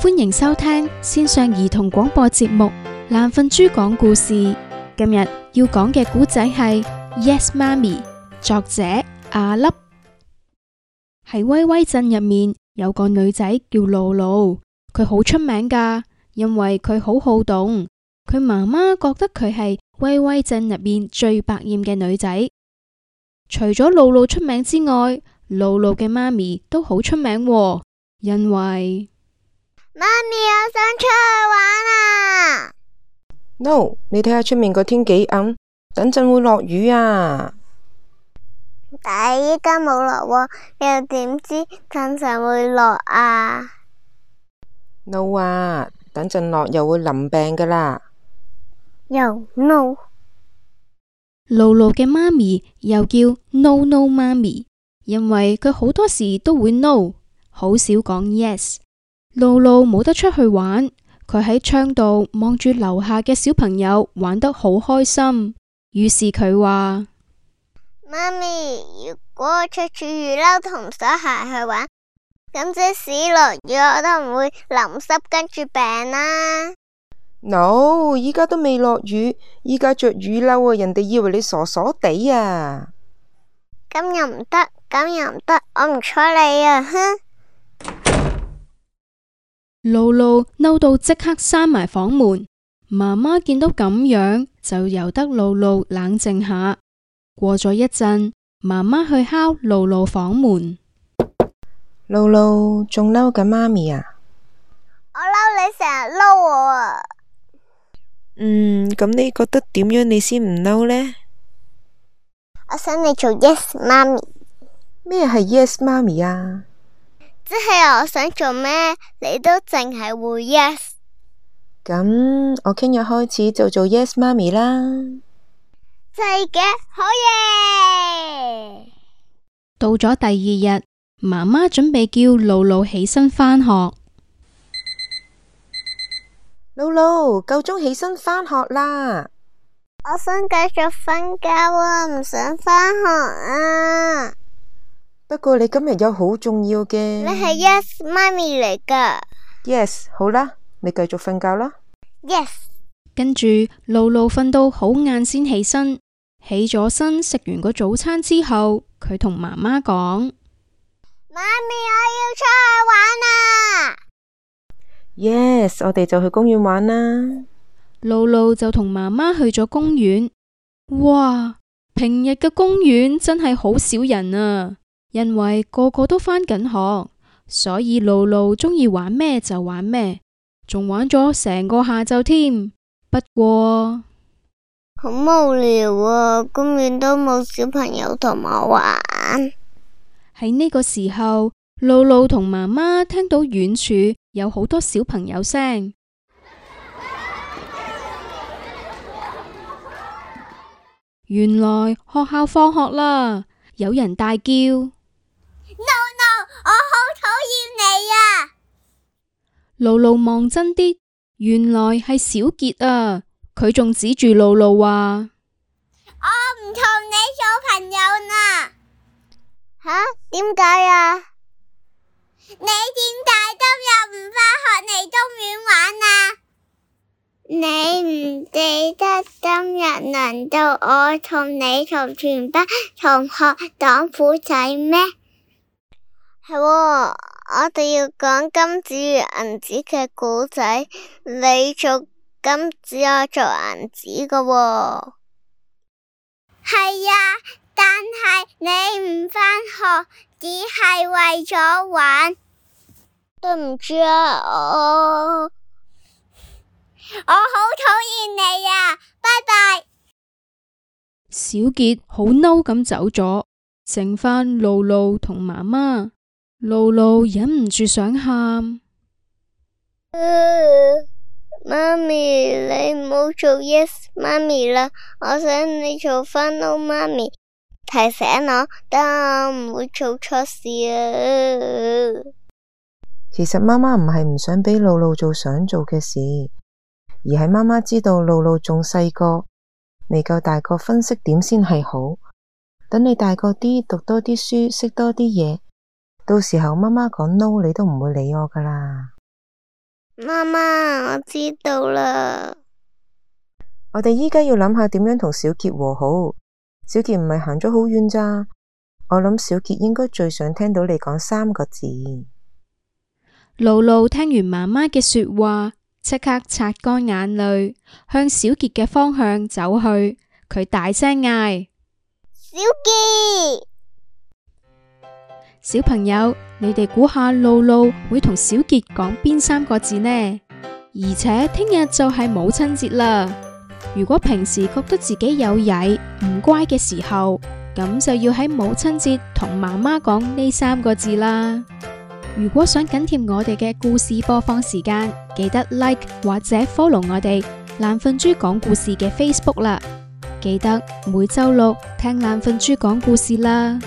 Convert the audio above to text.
歡迎收聽線上兒童廣播節目《爛瞓豬講故事》。今日要講嘅古仔係《Yes 媽咪》，作者阿粒。喺威威鎮入面有個女仔叫露露，佢好出名噶，因為佢好好動。佢媽媽覺得佢係威威鎮入面最百厭嘅女仔。除咗露露出名之外，露露嘅媽咪都好出名，因為。媽咪，我想出去玩啊！No，你睇下出面個天幾暗，等陣會落雨啊！但係依家冇落喎，又點知陣時會落啊？No 啊，等陣落又會淋病噶啦！又 No，露露嘅媽咪又叫 No No 媽咪，因為佢好多時都會 No，好少講 Yes。露露冇得出去玩，佢喺窗度望住樓下嘅小朋友玩得好開心。於是佢話：媽咪，如果我着住雨褸同水鞋去玩，咁即使落雨我都唔會淋濕、啊，跟住病啦。No，依家都未落雨，依家着雨褸啊，人哋以為你傻傻地啊。咁又唔得，咁又唔得，我唔睬你啊！哼。露露嬲到即刻閂埋房門，媽媽見到咁樣就由得露露冷靜下。過咗一陣，媽媽去敲露露房門。露露仲嬲緊媽咪啊！我嬲你成日嬲我啊。嗯，咁你覺得點樣你先唔嬲呢？我想你做 Yes 媽咪。咩係 Yes 媽咪啊？即係我想做咩，你都淨係會 yes。咁、嗯、我聽日開始就做 yes 媽咪啦。真嘅，好嘢。到咗第二日，媽媽準備叫露露起身返學。露露，夠鐘起身返學啦！我想繼續瞓覺啊、哦，唔想返學啊。不過你今日有好重要嘅、yes, yes,，你係 yes 媽咪嚟㗎。Yes，好啦，你繼續瞓覺啦。Yes，跟住露露瞓到好晏先起,起身，起咗身食完個早餐之後，佢同媽媽講：媽咪，我要出去玩啦、啊。Yes，我哋就去公園玩啦。露露就同媽媽去咗公園。哇，平日嘅公園真係好少人啊。因為個個都返緊學，所以露露鍾意玩咩就玩咩，仲玩咗成個下晝添。不過好無聊啊，公園都冇小朋友同我玩。喺呢個時候，露露同媽媽聽到遠處有好多小朋友聲， 原來學校放學啦，有人大叫。露露望真啲，原來係小杰啊！佢仲指住露露話：我唔同你做朋友啦。吓？點解呀？你點解今日唔返學嚟公園玩啊？你唔記得今日輪到我同你同全班同學講故仔咩？係。我哋要講金子與銀子嘅故仔，你做金子，我做銀子㗎喎。係啊，但係你唔返學，只係為咗玩，對唔住啊。我我好討厭你啊。拜拜。小杰好嬲咁走咗，剩返露露同媽媽。露露忍唔住想喊，呃，媽咪你唔好做一，Yes, 媽咪啦，我想你做返咯，媽咪提醒我，等我唔會做錯事啊。呃、其實媽媽唔係唔想畀露露做想做嘅事，而係媽媽知道露露仲細個，未夠大個分析點先係好。等你大個啲，讀多啲書，識多啲嘢。到時候媽媽講 no，你都唔會理我噶啦。媽媽，我知道啦。我哋依家要諗下點樣同小杰和好。小杰唔係行咗好遠咋。我諗小杰應該最想聽到你講三個字。露露聽完媽媽嘅說話，即刻擦乾眼淚，向小杰嘅方向走去。佢大聲嗌：小杰！小朋友，你哋估下露露會同小杰講邊三個字呢？而且聽日就係母親節啦。如果平時覺得自己有曳唔乖嘅時候，咁就要喺母親節同媽媽講呢三個字啦。如果想緊貼我哋嘅故事播放時間，記得 like 或者 follow 我哋懶瞓豬講故事嘅 Facebook 啦。記得每周六聽懶瞓豬講故事啦。